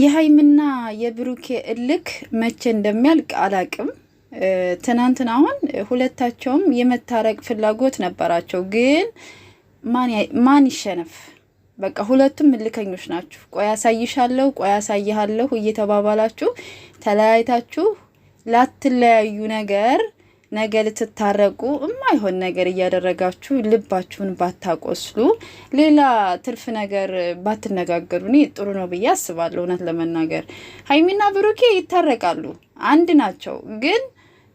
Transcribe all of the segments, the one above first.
የሀይምና የብሩኬ እልክ መቼ እንደሚያልቅ አላቅም። ትናንትና አሁን ሁለታቸውም የመታረቅ ፍላጎት ነበራቸው፣ ግን ማን ይሸነፍ? በቃ ሁለቱም እልከኞች ናችሁ። ቆይ አሳይሻለሁ፣ ቆይ አሳይሃለሁ እየተባባላችሁ ተለያይታችሁ ላትለያዩ ነገር ነገ ልትታረቁ የማይሆን ነገር እያደረጋችሁ ልባችሁን ባታቆስሉ፣ ሌላ ትርፍ ነገር ባትነጋገሩ እኔ ጥሩ ነው ብዬ አስባለሁ። እውነት ለመናገር ሀይሚና ብሩኬ ይታረቃሉ፣ አንድ ናቸው ግን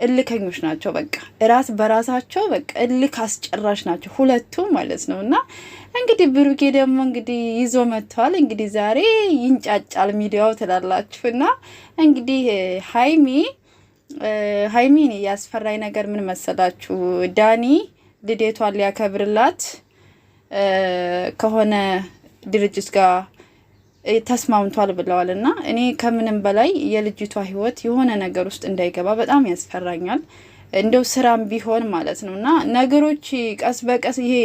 እልከኞች ናቸው። በቃ እራስ በራሳቸው በቃ እልክ አስጨራሽ ናቸው ሁለቱ ማለት ነው። እና እንግዲህ ብሩኬ ደግሞ እንግዲህ ይዞ መጥተዋል። እንግዲህ ዛሬ ይንጫጫል ሚዲያው ትላላችሁ እና እንግዲህ ሀይሚ ሀይሚን ያስፈራኝ ነገር ምን መሰላችሁ? ዳኒ ልደቷን ሊያከብርላት ከሆነ ድርጅት ጋር ተስማምቷል ብለዋል እና እኔ ከምንም በላይ የልጅቷ ህይወት የሆነ ነገር ውስጥ እንዳይገባ በጣም ያስፈራኛል። እንደው ስራም ቢሆን ማለት ነው እና ነገሮች ቀስ በቀስ ይሄ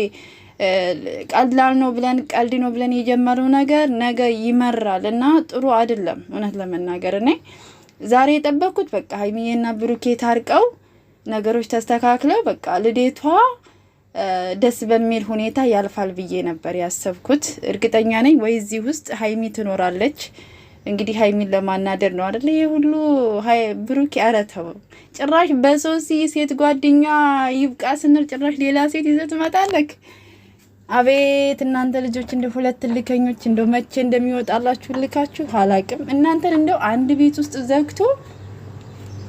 ቀላል ነው ብለን ቀልድ ነው ብለን የጀመረው ነገር ነገ ይመራል እና ጥሩ አይደለም እውነት ለመናገር እኔ ዛሬ የጠበቅኩት በቃ ሀይሚዬና ብሩኬ ታርቀው ነገሮች ተስተካክለው በቃ ልዴቷ ደስ በሚል ሁኔታ ያልፋል ብዬ ነበር ያሰብኩት። እርግጠኛ ነኝ ወይ እዚህ ውስጥ ሀይሚ ትኖራለች። እንግዲህ ሀይሚን ለማናደር ነው አደለ? ይህ ሁሉ ብሩኬ ያረተው ጭራሽ በሶሲ ሴት ጓደኛ ይብቃ ስንል ጭራሽ ሌላ ሴት ይዘህ ትመጣለህ። አቤት እናንተ ልጆች እንደ ሁለት ልከኞች እንደ መቼ እንደሚወጣላችሁ ልካችሁ አላቅም። እናንተን እንደው አንድ ቤት ውስጥ ዘግቶ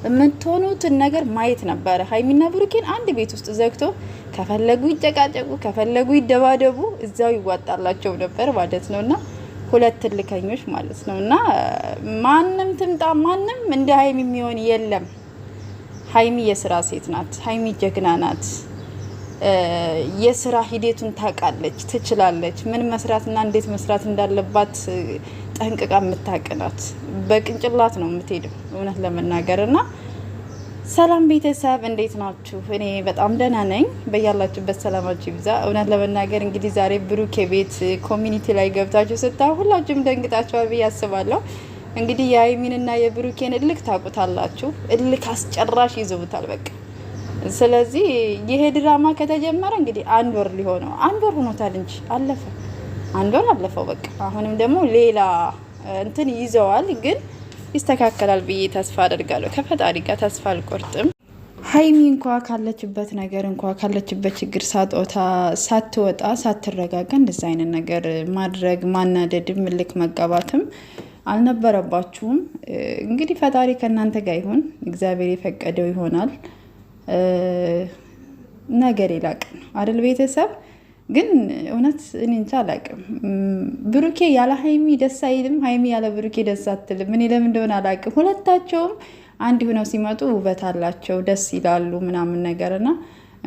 የምትሆኑትን ነገር ማየት ነበረ። ሀይሚና ብሩኬን አንድ ቤት ውስጥ ዘግቶ ከፈለጉ ይጨቃጨቁ፣ ከፈለጉ ይደባደቡ፣ እዛው ይዋጣላቸው ነበር ማለት ነው እና ሁለት ልከኞች ማለት ነው እና ማንም ትምጣ ማንም እንደ ሀይሚ የሚሆን የለም። ሀይሚ የስራ ሴት ናት። ሀይሚ ጀግና ናት። የስራ ሂደቱን ታውቃለች፣ ትችላለች። ምን መስራትና እንዴት መስራት እንዳለባት ጠንቅቃ የምታውቅ ናት። በቅንጭላት ነው የምትሄደው እውነት ለመናገር እና ሰላም ቤተሰብ እንዴት ናችሁ? እኔ በጣም ደህና ነኝ። በያላችሁበት ሰላማችሁ ይብዛ። እውነት ለመናገር እንግዲህ ዛሬ ብሩኬ ቤት ኮሚኒቲ ላይ ገብታችሁ ስታ ሁላችሁም ደንግጣችኋል ብዬ አስባለሁ። እንግዲህ የአይሚንና የብሩኬን እልክ ታውቁታላችሁ። እልክ አስጨራሽ ይዘውታል በቃ ስለዚህ ይሄ ድራማ ከተጀመረ እንግዲህ አንድ ወር ሊሆነው አንድ ወር ሆኖታል እንጂ አለፈ፣ አንድ ወር አለፈው። በቃ አሁንም ደግሞ ሌላ እንትን ይዘዋል፣ ግን ይስተካከላል ብዬ ተስፋ አደርጋለሁ። ከፈጣሪ ጋር ተስፋ አልቆርጥም። ሀይሚ እንኳ ካለችበት ነገር እንኳ ካለችበት ችግር ሳጦታ ሳትወጣ ሳትረጋጋ እንደዚ አይነት ነገር ማድረግ ማናደድም ምልክ መጋባትም አልነበረባችሁም። እንግዲህ ፈጣሪ ከእናንተ ጋር ይሁን፣ እግዚአብሔር የፈቀደው ይሆናል። ነገር የላቅ ነው አይደል? ቤተሰብ ግን እውነት እኔ እንጃ አላቅም። ብሩኬ ያለ ሀይሚ ደስ አይልም፣ ሀይሚ ያለ ብሩኬ ደስ አትልም። እኔ ለምን እንደሆነ አላቅም። ሁለታቸውም አንድ ሆነው ሲመጡ ውበት አላቸው፣ ደስ ይላሉ ምናምን ነገር እና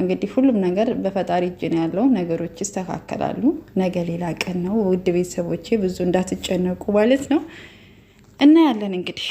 እንግዲህ ሁሉም ነገር በፈጣሪ እጅ ነው ያለው። ነገሮች ይስተካከላሉ። ነገ ሌላ ቀን ነው። ውድ ቤተሰቦቼ ብዙ እንዳትጨነቁ ማለት ነው። እናያለን እንግዲህ